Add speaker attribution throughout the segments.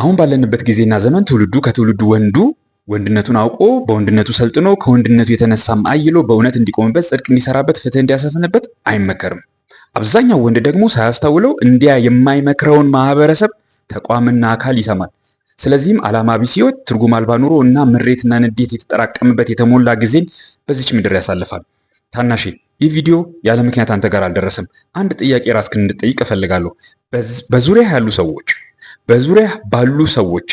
Speaker 1: አሁን ባለንበት ጊዜና ዘመን ትውልዱ ከትውልዱ ወንዱ ወንድነቱን አውቆ በወንድነቱ ሰልጥኖ ከወንድነቱ የተነሳም አይሎ በእውነት እንዲቆምበት ጽድቅ እንዲሰራበት ፍትህ እንዲያሰፍንበት አይመከርም። አብዛኛው ወንድ ደግሞ ሳያስተውለው እንዲያ የማይመክረውን ማህበረሰብ ተቋምና አካል ይሰማል። ስለዚህም ዓላማ ቢስ ሕይወት፣ ትርጉም አልባ ኑሮ እና ምሬትና ንዴት የተጠራቀምበት የተሞላ ጊዜን በዚች ምድር ያሳልፋል። ታናሼ ይህ ቪዲዮ ያለ ምክንያት አንተ ጋር አልደረሰም። አንድ ጥያቄ ራስክን እንድጠይቅ እፈልጋለሁ። በዙሪያ ያሉ ሰዎች በዙሪያ ባሉ ሰዎች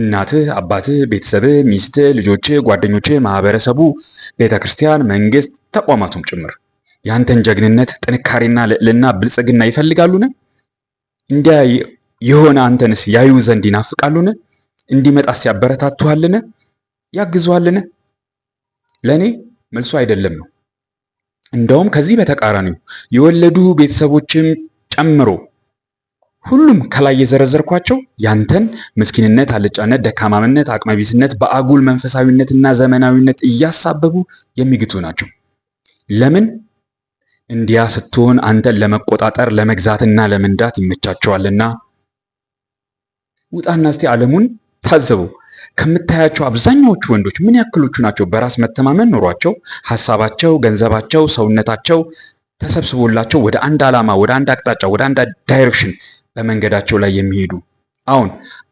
Speaker 1: እናትህ፣ አባትህ፣ ቤተሰብህ፣ ሚስትህ፣ ልጆችህ፣ ጓደኞችህ፣ ማህበረሰቡ፣ ቤተ ክርስቲያን፣ መንግስት፣ ተቋማቱም ጭምር ያንተን ጀግንነት፣ ጥንካሬና ልዕልና ብልጽግና ይፈልጋሉን? እንዲያ የሆነ አንተንስ ያዩ ዘንድ ይናፍቃሉን? እንዲመጣስ ያበረታቱሃልን? ያግዙሃልን? ለእኔ መልሱ አይደለም ነው። እንደውም ከዚህ በተቃራኒው የወለዱ ቤተሰቦችም ጨምሮ ሁሉም ከላይ የዘረዘርኳቸው ያንተን ምስኪንነት፣ አልጫነት፣ ደካማምነት፣ አቅመቢስነት በአጉል መንፈሳዊነትና ዘመናዊነት እያሳበቡ የሚግቱ ናቸው። ለምን እንዲያ ስትሆን አንተን ለመቆጣጠር ለመግዛትና ለመንዳት ይመቻቸዋልና። ውጣና እስቲ ዓለሙን ታዘበው። ከምታያቸው አብዛኛዎቹ ወንዶች ምን ያክሎቹ ናቸው በራስ መተማመን ኖሯቸው ሀሳባቸው፣ ገንዘባቸው፣ ሰውነታቸው ተሰብስቦላቸው ወደ አንድ ዓላማ፣ ወደ አንድ አቅጣጫ፣ ወደ አንድ ዳይሬክሽን በመንገዳቸው ላይ የሚሄዱ አሁን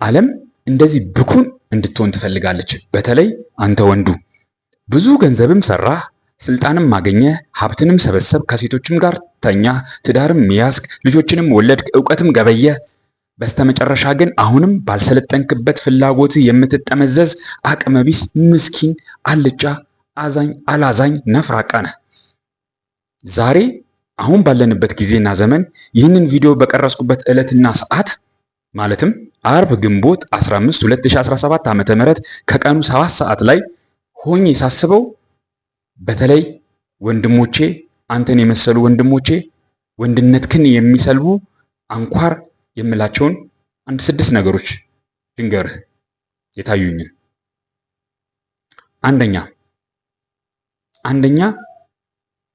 Speaker 1: ዓለም እንደዚህ ብኩን እንድትሆን ትፈልጋለች። በተለይ አንተ ወንዱ ብዙ ገንዘብም ሰራህ፣ ስልጣንም አገኘ ሀብትንም ሰበሰብ፣ ከሴቶችም ጋር ተኛ፣ ትዳርም ያስክ፣ ልጆችንም ወለድክ፣ እውቀትም ገበየ በስተመጨረሻ ግን አሁንም ባልሰለጠንክበት ፍላጎት የምትጠመዘዝ አቅመቢስ፣ ምስኪን፣ አልጫ፣ አዛኝ፣ አላዛኝ ነፍራቃ ነህ ዛሬ አሁን ባለንበት ጊዜና ዘመን ይህንን ቪዲዮ በቀረስኩበት ዕለትና ሰዓት ማለትም አርብ ግንቦት 15 2017 ዓ.ም ከቀኑ 7 ሰዓት ላይ ሆኜ ሳስበው በተለይ ወንድሞቼ አንተን የመሰሉ ወንድሞቼ ወንድነትክን የሚሰልቡ አንኳር የምላቸውን አንድ ስድስት ነገሮች ድንገርህ የታዩኝን። አንደኛ አንደኛ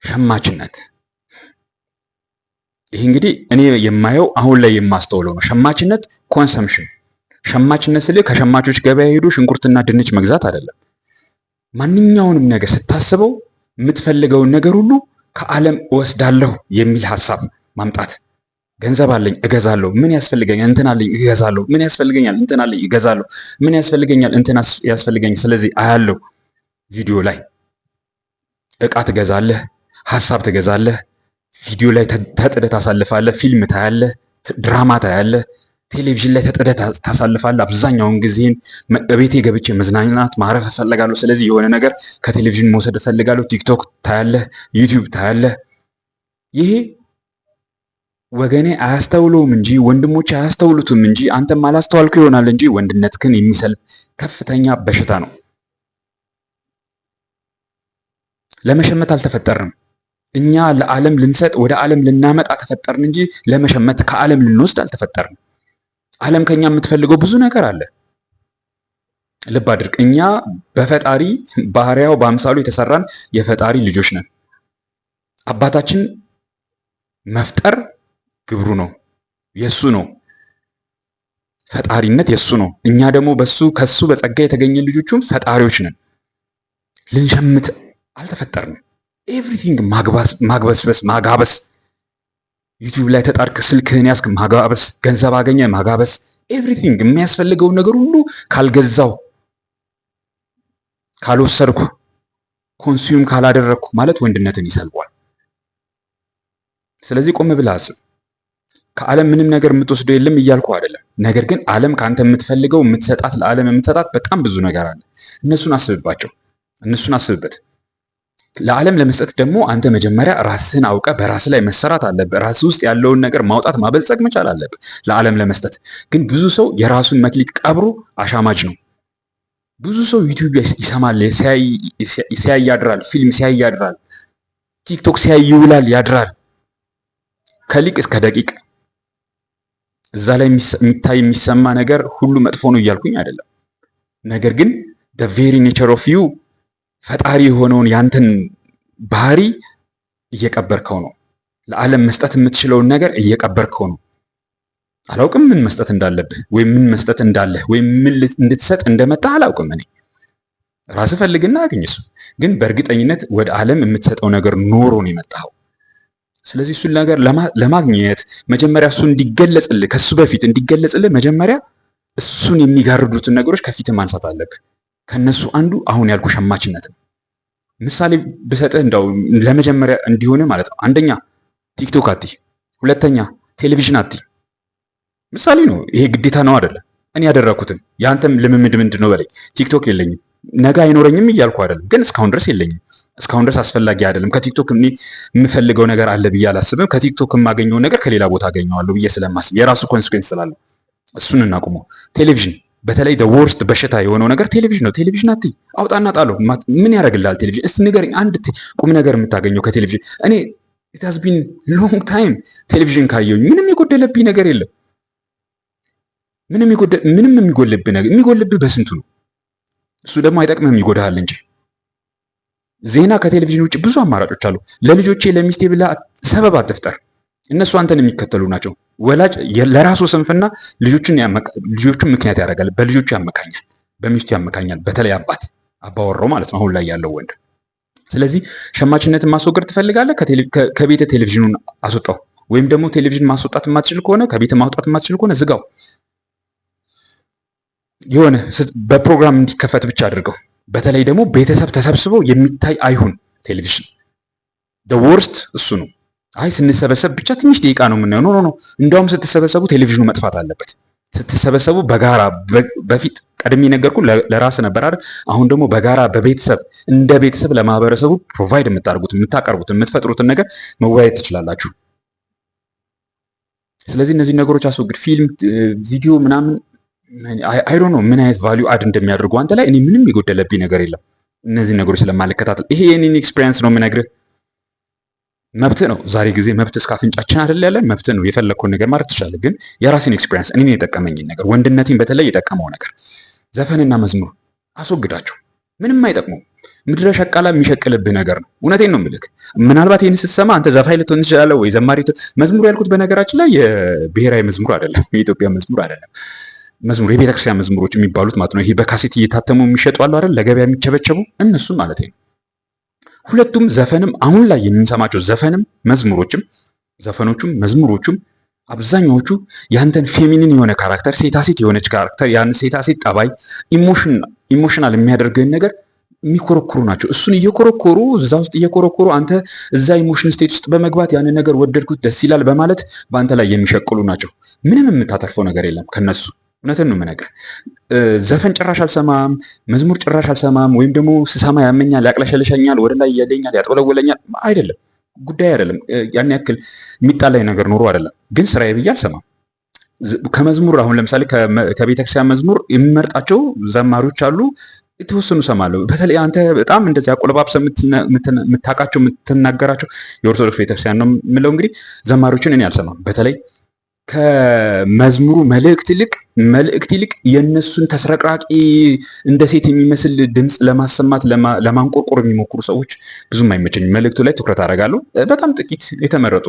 Speaker 1: ሸማችነት ይህ እንግዲህ እኔ የማየው አሁን ላይ የማስተውለው ነው። ሸማችነት ኮንሰምሽን፣ ሸማችነት ስል ከሸማቾች ገበያ ሄዶ ሽንኩርትና ድንች መግዛት አይደለም። ማንኛውንም ነገር ስታስበው የምትፈልገውን ነገር ሁሉ ከዓለም እወስዳለሁ የሚል ሀሳብ ማምጣት። ገንዘብ አለኝ እገዛለሁ፣ ምን ያስፈልገኛል እንትን አለኝ እገዛለሁ፣ ምን ያስፈልገኛል እንትን አለኝ እገዛለሁ፣ ምን ያስፈልገኛል እንትን ያስፈልገኛል። ስለዚህ አያለው ቪዲዮ ላይ እቃ ትገዛለህ፣ ሀሳብ ትገዛለህ ቪዲዮ ላይ ተጥደህ ታሳልፋለህ፣ ፊልም ታያለ፣ ድራማ ታያለ፣ ቴሌቪዥን ላይ ተጥደህ ታሳልፋለ። አብዛኛውን ጊዜን ቤቴ ገብቼ መዝናናት ማረፍ እፈልጋለሁ። ስለዚህ የሆነ ነገር ከቴሌቪዥን መውሰድ እፈልጋለሁ። ቲክቶክ ታያለ፣ ዩቲዩብ ታያለ። ይሄ ወገኔ አያስተውለውም እንጂ ወንድሞች አያስተውሉትም እንጂ አንተም አላስተዋልከው ይሆናል እንጂ ወንድነትህን የሚሰልብ ከፍተኛ በሽታ ነው። ለመሸመት አልተፈጠርም እኛ ለዓለም ልንሰጥ ወደ ዓለም ልናመጣ ተፈጠርን እንጂ ለመሸመት ከዓለም ልንወስድ አልተፈጠርን። ዓለም ከኛ የምትፈልገው ብዙ ነገር አለ። ልብ አድርግ። እኛ በፈጣሪ ባህሪያው በአምሳሉ የተሰራን የፈጣሪ ልጆች ነን። አባታችን መፍጠር ግብሩ ነው፣ የእሱ ነው። ፈጣሪነት የእሱ ነው። እኛ ደግሞ በሱ ከሱ በጸጋ የተገኘን ልጆቹም ፈጣሪዎች ነን። ልንሸምት አልተፈጠርንም። ኤቭሪቲንግ ማግበስበስ፣ ማጋበስ፣ ዩቲዩብ ላይ ተጣርክ፣ ስልክህን ያስክ ማጋበስ፣ ገንዘብ አገኘ፣ ማጋበስ፣ ኤቭሪቲንግ የሚያስፈልገውን ነገር ሁሉ ካልገዛው፣ ካልወሰድኩ፣ ኮንሱም ካላደረግኩ ማለት ወንድነትን ይሰልቧል። ስለዚህ ቆም ብለህ አስብ። ከዓለም ምንም ነገር የምትወስደው የለም እያልኩ አይደለም። ነገር ግን ዓለም ከአንተ የምትፈልገው የምትሰጣት፣ ለዓለም የምትሰጣት በጣም ብዙ ነገር አለ። እነሱን አስብባቸው፣ እነሱን አስብበት። ለዓለም ለመስጠት ደግሞ አንተ መጀመሪያ ራስህን አውቀ በራስ ላይ መሰራት አለብህ። ራስ ውስጥ ያለውን ነገር ማውጣት ማበልጸግ መቻል አለብህ ለዓለም ለመስጠት። ግን ብዙ ሰው የራሱን መክሊት ቀብሮ አሻማጅ ነው። ብዙ ሰው ዩቲዩብ ይሰማል፣ ሲያይ ያድራል፣ ፊልም ሲያይ ያድራል፣ ቲክቶክ ሲያይ ይውላል ያድራል። ከሊቅ እስከ ደቂቅ እዛ ላይ የሚታይ የሚሰማ ነገር ሁሉ መጥፎ ነው እያልኩኝ አይደለም። ነገር ግን ቬሪ ኔቸር ኦፍ ዩ ፈጣሪ የሆነውን ያንተን ባህሪ እየቀበርከው ነው። ለዓለም መስጠት የምትችለውን ነገር እየቀበርከው ነው። አላውቅም ምን መስጠት እንዳለብህ ወይም ምን መስጠት እንዳለህ ወይም ምን እንድትሰጥ እንደመጣ አላውቅም። እኔ ራስ ፈልግና አግኝ። እሱ ግን በእርግጠኝነት ወደ ዓለም የምትሰጠው ነገር ኖሮ ነው የመጣኸው። ስለዚህ እሱን ነገር ለማግኘት መጀመሪያ እሱ እንዲገለጽልህ ከሱ በፊት እንዲገለጽልህ መጀመሪያ እሱን የሚጋርዱትን ነገሮች ከፊት ማንሳት አለብህ። ከነሱ አንዱ አሁን ያልኩ ሸማችነት ነው። ምሳሌ ብሰጥህ እንደው ለመጀመሪያ እንዲሆን ማለት ነው። አንደኛ ቲክቶክ አትይ፣ ሁለተኛ ቴሌቪዥን አትይ። ምሳሌ ነው ይሄ፣ ግዴታ ነው አይደለም። እኔ ያደረኩትን የአንተም ልምምድ ምንድን ነው በለኝ። ቲክቶክ የለኝም ነገ አይኖረኝም እያልኩ አይደለም፣ ግን እስካሁን ድረስ የለኝም። እስካሁን ድረስ አስፈላጊ አይደለም። ከቲክቶክ እኔ የምፈልገው ነገር አለ ብዬ አላስብም። ከቲክቶክ የማገኘውን ነገር ከሌላ ቦታ አገኘዋለሁ ብዬ ስለማስብ የራሱ ኮንስኩዌንስ ስላለ እሱን እናቁመው። ቴሌቪዥን በተለይ ደወርስት በሽታ የሆነው ነገር ቴሌቪዥን ነው። ቴሌቪዥን አትይ፣ አውጣና ጣለው። ምን ያደርግልሃል ቴሌቪዥን? እስቲ ንገረኝ አንድ ቁም ነገር የምታገኘው ከቴሌቪዥን። እኔ ኢት ሃዝ ቢን ሎንግ ታይም ቴሌቪዥን ካየሁኝ ምንም የጎደለብኝ ነገር የለም። ምንም የሚጎልብህ ነገር የሚጎልብህ በስንቱ ነው። እሱ ደግሞ አይጠቅምህም ይጎዳሃል እንጂ። ዜና ከቴሌቪዥን ውጭ ብዙ አማራጮች አሉ። ለልጆቼ ለሚስቴ ብላ ሰበብ አትፍጠር። እነሱ አንተን የሚከተሉ ናቸው። ወላጅ ለራሱ ስንፍና ልጆቹን ምክንያት ያደርጋል። በልጆቹ ያመካኛል፣ በሚስቱ ያመካኛል። በተለይ አባት አባወራው ማለት ነው አሁን ላይ ያለው ወንድ። ስለዚህ ሸማችነትን ማስወገድ ትፈልጋለህ? ከቤተ ቴሌቪዥኑን አስወጣው። ወይም ደግሞ ቴሌቪዥን ማስወጣት የማትችል ከሆነ ከቤተ ማውጣት የማትችል ከሆነ ዝጋው። የሆነ በፕሮግራም እንዲከፈት ብቻ አድርገው። በተለይ ደግሞ ቤተሰብ ተሰብስበው የሚታይ አይሁን ቴሌቪዥን። ደ ወርስት እሱ ነው። አይ ስንሰበሰብ ብቻ ትንሽ ደቂቃ ነው የምናየው። ኖ ኖ እንደውም ስትሰበሰቡ ቴሌቪዥኑ መጥፋት አለበት። ስትሰበሰቡ በጋራ በፊት ቀድሜ ነገርኩ ለራስ ነበር አይደል? አሁን ደግሞ በጋራ በቤተሰብ እንደ ቤተሰብ ለማህበረሰቡ ፕሮቫይድ የምታደርጉት የምታቀርቡት የምትፈጥሩትን ነገር መወያየት ትችላላችሁ። ስለዚህ እነዚህ ነገሮች አስወግድ። ፊልም፣ ቪዲዮ ምናምን አይ ዶንት ኖ ምን አይነት ቫሊዩ አድ እንደሚያደርጉ አንተ ላይ እኔ ምንም የጎደለብኝ ነገር የለም። እነዚህ ነገሮች ስለማልከታተል ይሄ የኔን ኤክስፔሪየንስ ነው የምነግርህ። መብት ነው። ዛሬ ጊዜ መብት እስከ አፍንጫችን አይደል ያለን መብት ነው። የፈለግከውን ነገር ማድረግ ትችላለህ። ግን የራሴን ኤክስፒሪየንስ እኔን የጠቀመኝን ነገር ወንድነቴን በተለይ የጠቀመው ነገር ዘፈንና መዝሙር አስወግዳቸው። ምንም አይጠቅሙም። ምድረ ሸቃላ የሚሸቅልብህ ነገር ነው። እውነቴን ነው ምልክ ምናልባት ይህን ስትሰማ አንተ ዘፋኝ ልትሆን ትችላለህ ወይ ዘማሪ። መዝሙር ያልኩት በነገራችን ላይ የብሔራዊ መዝሙር አይደለም፣ የኢትዮጵያ መዝሙር አይደለም። መዝሙር የቤተክርስቲያን መዝሙሮች የሚባሉት ማለት ነው። ይሄ በካሴት እየታተሙ የሚሸጡ አሉ አይደል፣ ለገበያ የሚቸበቸቡ እነሱም ማለት ነው። ሁለቱም ዘፈንም አሁን ላይ የምንሰማቸው ዘፈንም መዝሙሮችም ዘፈኖቹም መዝሙሮቹም አብዛኛዎቹ ያንተን ፌሚኒን የሆነ ካራክተር ሴታ ሴት የሆነች ካራክተር ያን ሴት ጠባይ ኢሞሽናል የሚያደርገን ነገር የሚኮረኮሩ ናቸው። እሱን እየኮረኮሩ እዛ ውስጥ እየኮረኮሩ አንተ እዛ ኢሞሽን ስቴት ውስጥ በመግባት ያንን ነገር ወደድኩት፣ ደስ ይላል በማለት በአንተ ላይ የሚሸቅሉ ናቸው። ምንም የምታተርፈው ነገር የለም ከነሱ እውነትን ነው የምነግርህ። ዘፈን ጭራሽ አልሰማም፣ መዝሙር ጭራሽ አልሰማም። ወይም ደግሞ ስሰማ ያመኛል፣ ያቅለሸልሸኛል፣ ወደ ላይ እያደኛል፣ ያጥወለወለኛል አይደለም ጉዳይ አይደለም። ያን ያክል የሚጣላይ ነገር ኖሮ አይደለም። ግን ስራዬ ብዬ አልሰማም። ከመዝሙር አሁን ለምሳሌ ከቤተክርስቲያን መዝሙር የሚመርጣቸው ዘማሪዎች አሉ። የተወሰኑ እሰማለሁ። በተለይ አንተ በጣም እንደዚህ አቆለባብሰ የምታውቃቸው የምትናገራቸው የኦርቶዶክስ ቤተክርስቲያን ነው የምለው እንግዲህ ዘማሪዎችን እኔ አልሰማም በተለይ ከመዝሙሩ መልእክት ይልቅ መልእክት ይልቅ የእነሱን ተስረቅራቂ እንደ ሴት የሚመስል ድምፅ ለማሰማት ለማንቆርቆር የሚሞክሩ ሰዎች ብዙም አይመችኝ መልእክቱ ላይ ትኩረት አደርጋለሁ። በጣም ጥቂት የተመረጡ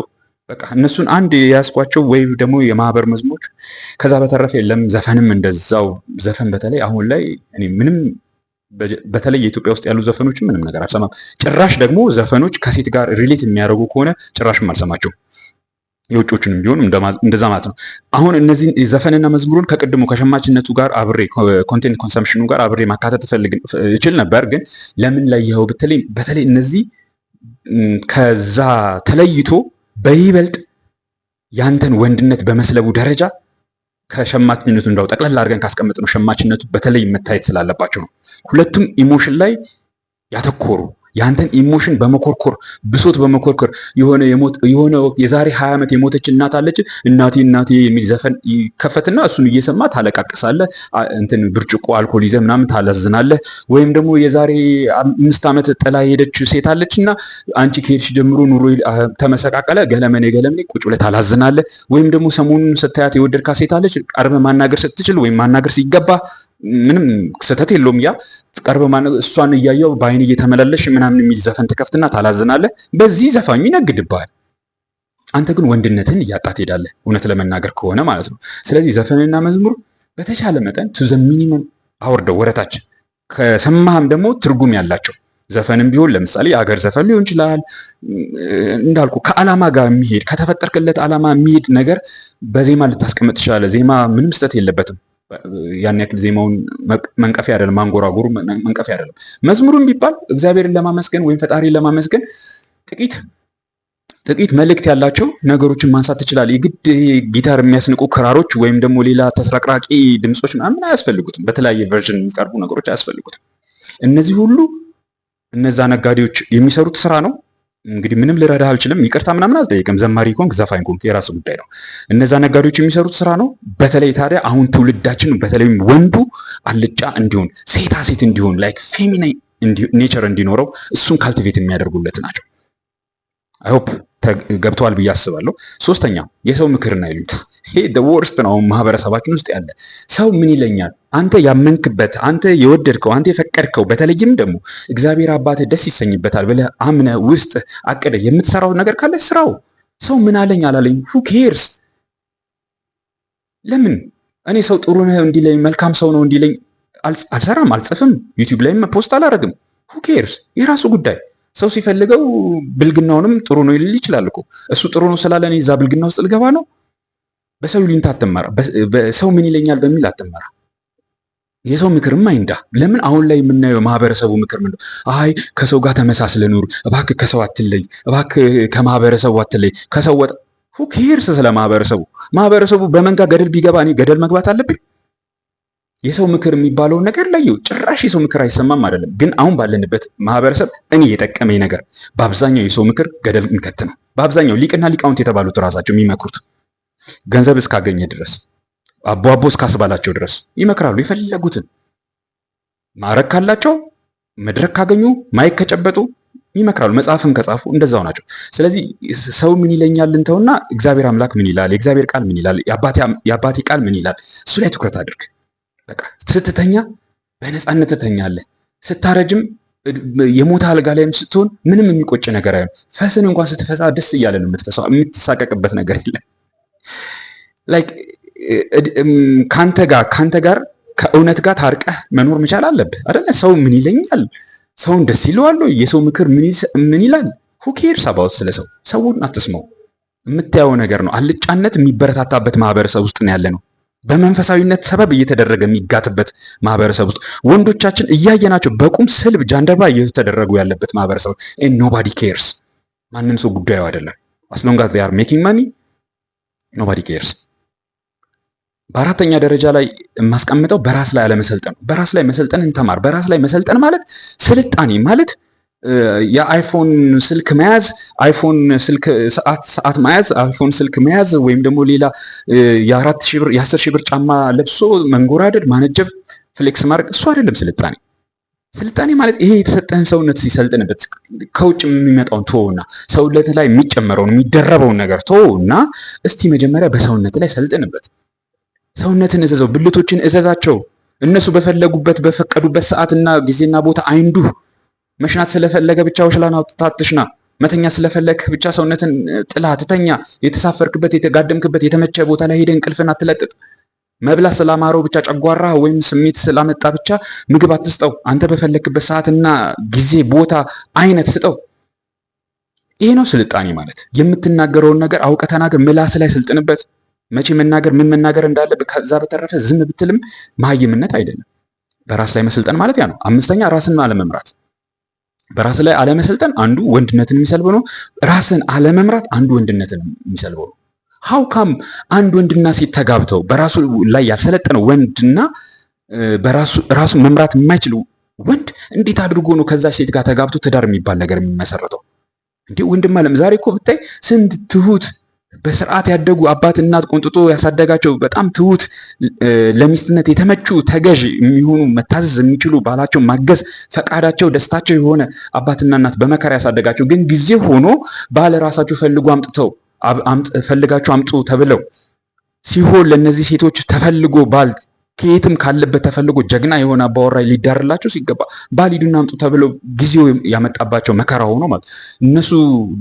Speaker 1: በቃ እነሱን አንድ የያዝኳቸው ወይም ደግሞ የማህበር መዝሙሮች። ከዛ በተረፈ የለም ዘፈንም እንደዛው ዘፈን በተለይ አሁን ላይ እኔ ምንም በተለይ የኢትዮጵያ ውስጥ ያሉ ዘፈኖች ምንም ነገር አልሰማም። ጭራሽ ደግሞ ዘፈኖች ከሴት ጋር ሪሌት የሚያደርጉ ከሆነ ጭራሽም አልሰማቸው የውጮችንም ቢሆን እንደዛ ማለት ነው። አሁን እነዚህ ዘፈንና መዝሙሩን ከቅድሙ ከሸማችነቱ ጋር አብሬ ኮንቴንት ኮንሰምሽኑ ጋር አብሬ ማካተት እችል ነበር፣ ግን ለምን ለየኸው ብትለኝ በተለይ እነዚህ ከዛ ተለይቶ በይበልጥ ያንተን ወንድነት በመስለቡ ደረጃ ከሸማችነቱ እንዳው ጠቅለል አድርገን ካስቀመጥነው ሸማችነቱ በተለይ መታየት ስላለባቸው ነው። ሁለቱም ኢሞሽን ላይ ያተኮሩ ያንተን ኢሞሽን በመኮርኮር ብሶት በመኮርኮር የሆነ የሆነ የዛሬ 20 ዓመት የሞተች እናት አለች። እናቴ እናቴ የሚል ዘፈን ይከፈትና እሱን እየሰማ ታለቃቀሳለ እንትን ብርጭቆ አልኮል ይዘ ምናምን ታላዝናለህ። ወይም ደግሞ የዛሬ አምስት ዓመት ጥላ የሄደች ሴት አለች እና አንቺ ከሄድሽ ጀምሮ ኑሮ ተመሰቃቀለ፣ ገለመኔ ገለመኔ ቁጭ ብለህ ታላዝናለህ። ወይም ደግሞ ሰሞኑን ስታያት የወደድካ ሴት አለች። ቀርበ ማናገር ስትችል ወይም ማናገር ሲገባ ምንም ስህተት የለውም። ያ ቀርብ እሷን እያየው በአይን እየተመላለሽ ምናምን የሚል ዘፈን ትከፍትና ታላዝናለህ። በዚህ ዘፋኙ ይነግድብሃል። አንተ ግን ወንድነትን እያጣ ትሄዳለህ፣ እውነት ለመናገር ከሆነ ማለት ነው። ስለዚህ ዘፈንና መዝሙር በተሻለ መጠን ቱ ዘ ሚኒመም አውርደው ወደታች። ከሰማህም ደግሞ ትርጉም ያላቸው ዘፈንም ቢሆን ለምሳሌ የአገር ዘፈን ሊሆን ይችላል። እንዳልኩ ከዓላማ ጋር የሚሄድ ከተፈጠርክለት ዓላማ የሚሄድ ነገር በዜማ ልታስቀምጥ ትችላለህ። ዜማ ምንም ስህተት የለበትም። ያን ያክል ዜማውን መንቀፊያ አይደለም፣ ማንጎራጎሩ መንቀፊያ አይደለም። መዝሙሩን ቢባል እግዚአብሔርን ለማመስገን ወይም ፈጣሪን ለማመስገን ጥቂት ጥቂት መልእክት ያላቸው ነገሮችን ማንሳት ትችላል። የግድ ጊታር የሚያስንቁ ክራሮች ወይም ደግሞ ሌላ ተስራቅራቂ ድምፆች ምናምን አያስፈልጉትም። በተለያየ ቨርዥን የሚቀርቡ ነገሮች አያስፈልጉትም። እነዚህ ሁሉ እነዛ ነጋዴዎች የሚሰሩት ስራ ነው። እንግዲህ ምንም ልረዳህ አልችልም፣ ይቅርታ ምናምን አልጠይቅም። ዘማሪ ኮንክ ዘፋኝ ኮንክ የራስ ጉዳይ ነው። እነዛ ነጋዴዎች የሚሰሩት ስራ ነው። በተለይ ታዲያ አሁን ትውልዳችን በተለይም ወንዱ አልጫ እንዲሆን ሴታ ሴት እንዲሆን ላይክ ፌሚናይ ኔቸር እንዲኖረው እሱን ካልቲቬት የሚያደርጉለት ናቸው። አይሆፕ ገብተዋል ብዬ አስባለሁ። ሶስተኛ የሰው ምክርና ይሉት ይሄ ወርስት ነው ማህበረሰባችን ውስጥ ያለ ሰው ምን ይለኛል፣ አንተ ያመንክበት፣ አንተ የወደድከው፣ አንተ የፈቀድከው፣ በተለይም ደግሞ እግዚአብሔር አባት ደስ ይሰኝበታል ብለህ አምነ ውስጥ አቅደ የምትሰራው ነገር ካለ ስራው። ሰው ምን አለኝ አላለኝ ሁ ኬርስ ለምን እኔ ሰው ጥሩ ነህ እንዲለኝ መልካም ሰው ነው እንዲለኝ አልሰራም፣ አልጽፍም፣ ዩቲዩብ ላይም ፖስት አላደርግም። ሁ ኬርስ የራሱ ጉዳይ ሰው ሲፈልገው ብልግናውንም ጥሩ ነው ይል ይችላል እኮ እሱ ጥሩ ነው ስላለ ይዛ እዛ ብልግና ውስጥ ልገባ ነው። በሰው ይሉኝታ አትመራ፣ ሰው ምን ይለኛል በሚል አትመራ። የሰው ምክርም አይንዳ። ለምን አሁን ላይ የምናየው የማህበረሰቡ ምክር ምንድን ነው? አይ ከሰው ጋር ተመሳስለ ኑር፣ እባክ ከሰው አትለይ፣ እባክ ከማህበረሰቡ አትለይ። ከሰው ወጣ ሁክ ስለ ማህበረሰቡ ማህበረሰቡ በመንጋ ገደል ቢገባ እኔ ገደል መግባት አለብኝ? የሰው ምክር የሚባለውን ነገር ለዩ። ጭራሽ የሰው ምክር አይሰማም አይደለም፣ ግን አሁን ባለንበት ማህበረሰብ እኔ የጠቀመኝ ነገር በአብዛኛው የሰው ምክር ገደል እንከት ነው። በአብዛኛው ሊቅና ሊቃውንት የተባሉት ራሳቸው የሚመክሩት ገንዘብ እስካገኘ ድረስ አቦ አቦ እስካስባላቸው ድረስ ይመክራሉ የፈለጉትን ማዕረግ ካላቸው መድረክ ካገኙ ማይክ ከጨበጡ ይመክራሉ። መጽሐፍም ከጻፉ እንደዛው ናቸው። ስለዚህ ሰው ምን ይለኛል እንተውና እግዚአብሔር አምላክ ምን ይላል፣ የእግዚአብሔር ቃል ምን ይላል፣ የአባቴ ቃል ምን ይላል፣ እሱ ላይ ትኩረት አድርግ። በቃ ስትተኛ በነፃነት ትተኛለህ። ስታረጅም የሞተ አልጋ ላይም ስትሆን ምንም የሚቆጭ ነገር አይሆን። ፈስን እንኳን ስትፈሳ ደስ እያለ ነው የምትፈሳው። የምትሳቀቅበት ነገር የለም። ላይክ ከአንተ ጋር ከአንተ ጋር ከእውነት ጋር ታርቀህ መኖር መቻል አለብህ አይደለ? ሰው ምን ይለኛል፣ ሰውን ደስ ይለዋል፣ የሰው ምክር ምን ይላል፣ ሁኬር ሰባውት ስለ ሰው ሰውን አትስመው። የምታየው ነገር ነው። አልጫነት የሚበረታታበት ማህበረሰብ ውስጥ ነው ያለ ነው። በመንፈሳዊነት ሰበብ እየተደረገ የሚጋትበት ማህበረሰብ ውስጥ ወንዶቻችን እያየናቸው በቁም ስልብ ጃንደርባ እየተደረጉ ያለበት ማህበረሰብ ኖባዲ ኬርስ፣ ማንም ሰው ጉዳዩ አይደለም። አስሎንጋ ር ሜኪንግ ማኒ ኖባዲ ኬርስ። በአራተኛ ደረጃ ላይ የማስቀምጠው በራስ ላይ አለመሰልጠን። በራስ ላይ መሰልጠን እንተማር በራስ ላይ መሰልጠን ማለት ስልጣኔ ማለት የአይፎን ስልክ መያዝ አይፎን ስልክ ሰዓት ሰዓት መያዝ አይፎን ስልክ መያዝ ወይም ደግሞ ሌላ የአራት ሺህ ብር የአስር ሺህ ብር ጫማ ለብሶ መንጎራደድ፣ ማነጀብ፣ ፍሌክስ ማድረግ እሱ አይደለም ስልጣኔ። ስልጣኔ ማለት ይሄ የተሰጠህን ሰውነት ሲሰልጥንበት ከውጭ የሚመጣውን ቶና ሰውነት ላይ የሚጨመረውን የሚደረበውን ነገር ቶና እስቲ መጀመሪያ በሰውነት ላይ ሰልጥንበት። ሰውነትን እዘዘው፣ ብልቶችን እዘዛቸው። እነሱ በፈለጉበት በፈቀዱበት ሰዓትና ጊዜና ቦታ አይንዱህ። መሽናት ስለፈለገ ብቻ ወሽላን አውጥታ አትሽና። መተኛ ስለፈለግህ ብቻ ሰውነትን ጥላ ትተኛ። የተሳፈርክበት፣ የተጋደምክበት የተመቸ ቦታ ላይ ሄደህ እንቅልፍን አትለጥጥ። መብላ ስላማረው ብቻ ጨጓራ ወይም ስሜት ስላመጣ ብቻ ምግብ አትስጠው። አንተ በፈለግክበት ሰዓትና ጊዜ፣ ቦታ፣ አይነት ስጠው። ይሄ ነው ስልጣኔ ማለት። የምትናገረውን ነገር አውቀ ተናገር። ምላስ ላይ ስልጥንበት። መቼ መናገር ምን መናገር እንዳለ። ከዛ በተረፈ ዝም ብትልም መሀይምነት አይደለም። በራስ ላይ መስልጠን ማለት ያ ነው። አምስተኛ ራስን አለመምራት በራስ ላይ አለመሰልጠን አንዱ ወንድነትን የሚሰልበው ነው። ራስን አለመምራት አንዱ ወንድነትን የሚሰልበው ነው። ሀውካም አንድ ወንድና ሴት ተጋብተው በራሱ ላይ ያልሰለጠነው ወንድና ራሱን መምራት የማይችል ወንድ እንዴት አድርጎ ነው ከዛ ሴት ጋር ተጋብቶ ትዳር የሚባል ነገር የሚመሰረተው? እንዲ ወንድም አለም ዛሬ እኮ ብታይ ስንት ትሁት በስርዓት ያደጉ አባት እናት ቆንጥጦ ያሳደጋቸው በጣም ትሁት፣ ለሚስትነት የተመቹ ተገዥ የሚሆኑ መታዘዝ የሚችሉ ባላቸው ማገዝ ፈቃዳቸው ደስታቸው የሆነ አባትና እናት በመከራ ያሳደጋቸው ግን ጊዜ ሆኖ ባለ ራሳችሁ ፈልጉ አምጥተው ፈልጋችሁ አምጡ ተብለው ሲሆን ለእነዚህ ሴቶች ተፈልጎ ባል ከየትም ካለበት ተፈልጎ ጀግና የሆነ አባወራ ሊዳርላቸው ሲገባ ባል ሂዱና አምጡ ተብሎ ጊዜው ያመጣባቸው መከራ ሆኖ ማለት እነሱ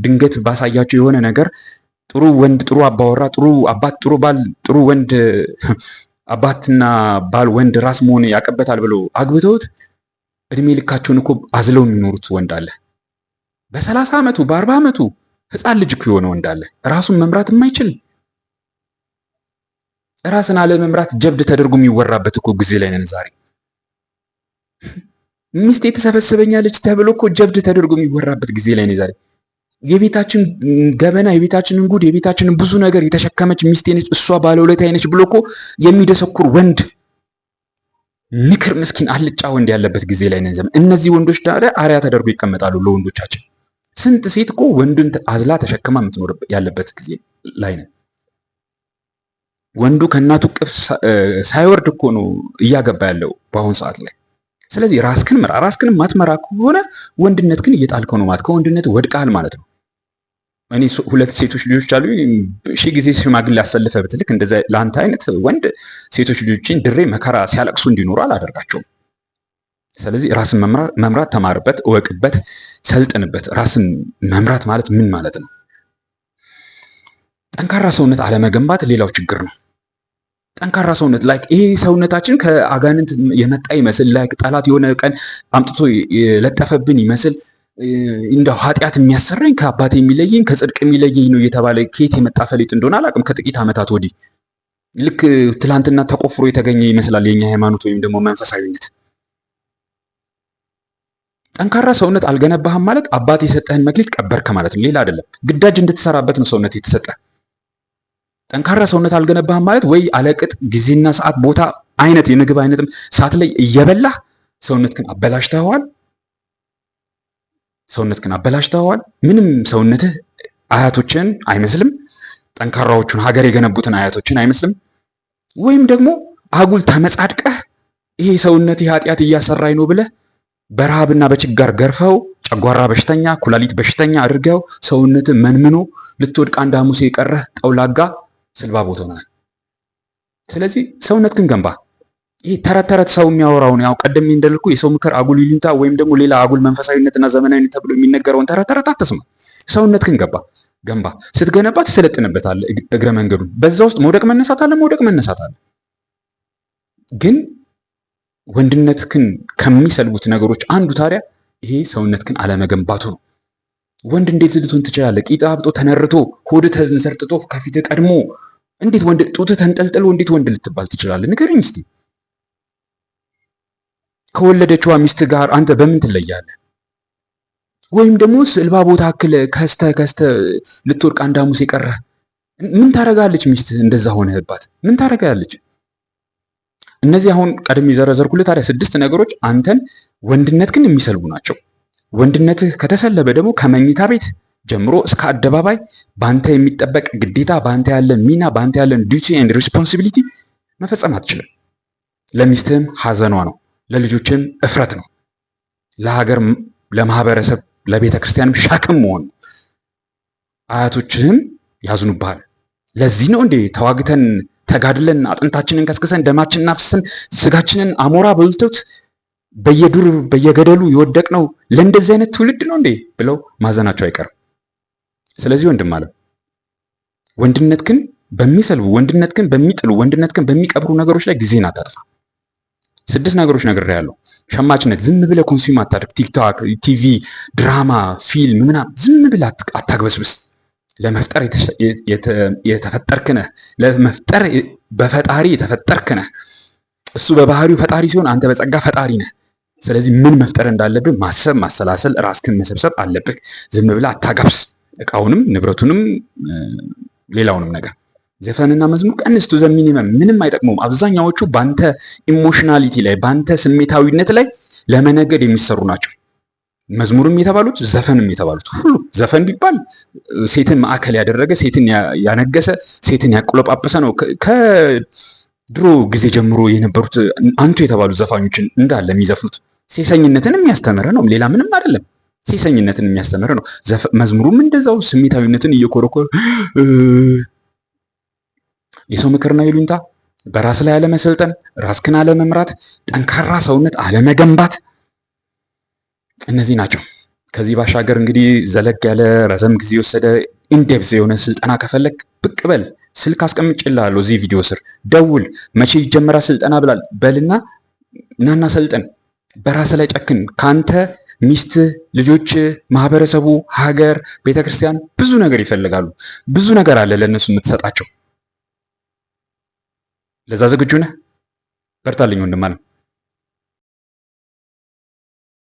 Speaker 1: ድንገት ባሳያቸው የሆነ ነገር ጥሩ ወንድ፣ ጥሩ አባወራ፣ ጥሩ አባት፣ ጥሩ ባል፣ ጥሩ ወንድ አባትና ባል ወንድ ራስ መሆን ያቀበታል ብሎ አግብተውት እድሜ ልካቸውን እኮ አዝለው የሚኖሩት ወንድ አለ። በሰላሳ ዓመቱ በአርባ ዓመቱ ህፃን ልጅ እኮ የሆነ ወንድ አለ። ራሱን መምራት የማይችል ራስን አለመምራት ጀብድ ተደርጎ የሚወራበት እኮ ጊዜ ላይ ነን ዛሬ። ሚስቴ ትሰበስበኛለች ተብሎ እኮ ጀብድ ተደርጎ የሚወራበት ጊዜ ላይ ነን ዛሬ። የቤታችን ገበና የቤታችንን ጉድ የቤታችንን ብዙ ነገር የተሸከመች ሚስቴ ነች እሷ ባለውለታዬ ነች ብሎ እኮ የሚደሰኩር ወንድ ምክር ምስኪን አልጫ ወንድ ያለበት ጊዜ ላይ ነን። ዘመን እነዚህ ወንዶች ታዲያ አርያ ተደርጎ ይቀመጣሉ ለወንዶቻችን። ስንት ሴት እኮ ወንድን አዝላ ተሸክማ የምትኖር ያለበት ጊዜ ላይ ነን። ወንዱ ከእናቱ ቅፍ ሳይወርድ እኮ ነው እያገባ ያለው በአሁኑ ሰዓት ላይ። ስለዚህ ራስክን ምራ። ራስክን ማትመራ ከሆነ ወንድነት ግን እየጣልከው ነው ማለት ከወንድነት ወድቃል ማለት ነው። እኔ ሁለት ሴቶች ልጆች አሉ። ሺህ ጊዜ ሽማግሌ አሰልፈህ ብትልክ እንደዚ ለአንተ አይነት ወንድ ሴቶች ልጆችን ድሬ መከራ ሲያለቅሱ እንዲኖሩ አላደርጋቸውም። ስለዚህ ራስን መምራት ተማርበት፣ እወቅበት፣ ሰልጥንበት። ራስን መምራት ማለት ምን ማለት ነው? ጠንካራ ሰውነት አለመገንባት ሌላው ችግር ነው። ጠንካራ ሰውነት ላይክ ይሄ ሰውነታችን ከአጋንንት የመጣ ይመስል ላይክ ጠላት የሆነ ቀን አምጥቶ የለጠፈብን ይመስል እንደ ኃጢአት የሚያሰራኝ ከአባት የሚለየኝ ከጽድቅ የሚለየኝ ነው እየተባለ ከየት የመጣ ፈሊጥ እንደሆነ አላውቅም። ከጥቂት ዓመታት ወዲህ ልክ ትላንትና ተቆፍሮ የተገኘ ይመስላል የኛ ሃይማኖት ወይም ደግሞ መንፈሳዊነት። ጠንካራ ሰውነት አልገነባህም ማለት አባት የሰጠህን መክሊት ቀበርክ ማለት ነው፣ ሌላ አይደለም። ግዳጅ እንድትሰራበት ነው ሰውነት የተሰጠ። ጠንካራ ሰውነት አልገነባህም ማለት ወይ አለቅጥ ጊዜና ሰዓት ቦታ አይነት የምግብ አይነትም ሰዓት ላይ እየበላህ ሰውነትህን አበላሽተኸዋል። ሰውነት ግን አበላሽተዋል። ምንም ሰውነትህ አያቶችን አይመስልም። ጠንካራዎቹን ሀገር የገነቡትን አያቶችን አይመስልም። ወይም ደግሞ አጉል ተመጻድቀህ ይሄ ሰውነት ኃጢአት እያሰራኝ ነው ብለህ በረሃብና በችጋር ገርፈው ጨጓራ በሽተኛ፣ ኩላሊት በሽተኛ አድርገው ሰውነት መንምኖ ልትወድቅ አንድ የቀረህ ጠውላጋ ስልባ ቦት ሆናል። ስለዚህ ሰውነት ግን ገንባ ይህ ተረት ተረት ሰው የሚያወራው ነው። ያው ቀደም እንደልኩ የሰው ምክር አጉል ይሉኝታ ወይም ደግሞ ሌላ አጉል መንፈሳዊነትና ዘመናዊነት ተብሎ የሚነገረውን ተረት ተረት አትስማ። ሰውነት ግን ገባ ገንባ ስትገነባ ትሰለጥንበታለህ። እግረ መንገዱ በዛ ውስጥ መውደቅ መነሳት አለ፣ መውደቅ መነሳት አለ። ግን ወንድነትክን ከሚሰልቡት ነገሮች አንዱ ታዲያ ይሄ ሰውነትህን አለመገንባቱ ነው። ወንድ እንዴት ልትሆን ትችላለህ? ቂጣ አብጦ ተነርቶ ሆድ ተንሰርጥቶ ከፊት ቀድሞ እንዴት ወንድ ጡት ተንጠልጥሎ እንዴት ወንድ ልትባል ትችላለህ? ንገረኝ እስቲ። ከወለደችዋ ሚስት ጋር አንተ በምን ትለያለህ? ወይም ደግሞ ስልባ ቦታ አክል ከስተ ከስተ ልትወርቅ አንድ ሐሙስ የቀረህ ምን ታረጋለች ሚስት እንደዛ ሆነህባት ምን ታረጋለች? እነዚህ አሁን ቀደም የዘረዘርኩልህ ታዲያ ስድስት ነገሮች አንተን ወንድነት ግን የሚሰልቡ ናቸው። ወንድነትህ ከተሰለበ ደግሞ ከመኝታ ቤት ጀምሮ እስከ አደባባይ በአንተ የሚጠበቅ ግዴታ፣ በአንተ ያለን ሚና፣ በአንተ ያለን ዲዩቲ ኤንድ ሪስፖንሲቢሊቲ መፈጸም አትችልም። ለሚስትህም ሀዘኗ ነው። ለልጆችም እፍረት ነው። ለሀገር፣ ለማህበረሰብ፣ ለቤተ ክርስቲያንም ሸክም መሆን ነው። አያቶችህም ያዝኑብሃል። ለዚህ ነው እንዴ ተዋግተን ተጋድለን አጥንታችንን ከስክሰን ደማችንን አፍሰን ስጋችንን አሞራ በልቶት በየዱር በየገደሉ ነው ለእንደዚህ አይነት ትውልድ ነው እንዴ ብለው ማዘናቸው አይቀርም። ስለዚህ ወንድም አለ ወንድነት ግን በሚሰልቡ ወንድነት ግን በሚጥሉ ወንድነት ግን በሚቀብሩ ነገሮች ላይ ጊዜን አታጥፋ። ስድስት ነገሮች ያለው ሸማችነት ዝም ብለ ኮንሱም አታድርግ። ቲክቶክ፣ ቲቪ፣ ድራማ፣ ፊልም ምናምን ዝም ብለ አታግበስብስ። ለመፍጠር የተፈጠርክ ነህ። ለመፍጠር በፈጣሪ የተፈጠርክ ነህ። እሱ በባህሪው ፈጣሪ ሲሆን አንተ በጸጋ ፈጣሪ ነህ። ስለዚህ ምን መፍጠር እንዳለብህ ማሰብ፣ ማሰላሰል፣ ራስክን መሰብሰብ አለብህ። ዝም ብለ አታጋብስ፣ እቃውንም ንብረቱንም ሌላውንም ነገር ዘፈንና መዝሙር ቀንስ ቱ ዘ ሚኒመም፣ ምንም አይጠቅሙም። አብዛኛዎቹ ባንተ ኢሞሽናሊቲ ላይ ባንተ ስሜታዊነት ላይ ለመነገድ የሚሰሩ ናቸው። መዝሙርም የተባሉት ዘፈንም የተባሉት ሁሉ ዘፈን ቢባል ሴትን ማዕከል ያደረገ ሴትን ያነገሰ ሴትን ያቆለጳጰሰ ነው። ከድሮ ጊዜ ጀምሮ የነበሩት አንቱ የተባሉ ዘፋኞችን እንዳለ የሚዘፍኑት ሴሰኝነትን የሚያስተምረ ነው። ሌላ ምንም አይደለም። ሴሰኝነትን የሚያስተምረ ነው። መዝሙሩም እንደዛው ስሜታዊነትን እየኮረኮረ የሰው ምክርና ይሉኝታ፣ በራስ ላይ አለመሰልጠን፣ ራስክን አለመምራት፣ ጠንካራ ሰውነት አለመገንባት እነዚህ ናቸው። ከዚህ ባሻገር እንግዲህ ዘለግ ያለ ረዘም ጊዜ የወሰደ ኢንዴፕዝ የሆነ ስልጠና ከፈለግ ብቅ በል፣ ስልክ አስቀምጭልሃለሁ እዚህ ቪዲዮ ስር ደውል። መቼ ይጀመራል ስልጠና ብላል በልና ናና ሰልጥን። በራስ ላይ ጨክን። ከአንተ ሚስት፣ ልጆች፣ ማህበረሰቡ፣ ሀገር፣ ቤተክርስቲያን ብዙ ነገር ይፈልጋሉ። ብዙ ነገር አለ ለእነሱ የምትሰጣቸው። ለዛ ዝግጁ ነህ? በርታልኝ ወንድም አለም።